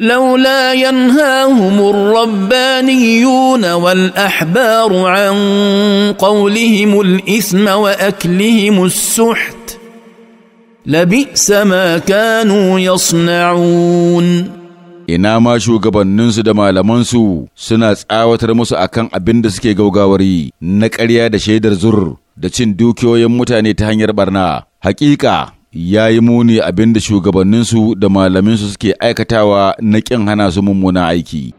لولا ينهاهم الربانيون والاحبار عن قولهم الاثم واكلهم السحت لبئس ما كانوا يصنعون ina ma shugabanninsu da malamansu suna tsawatar musu akan abin da suke gaugawari na ƙarya da shaidar zur da cin dukiyoyin mutane ta hanyar barna hakika ya yi muni abin da shugabanninsu da malaminsu suke aikatawa na ƙin hana su mummuna aiki.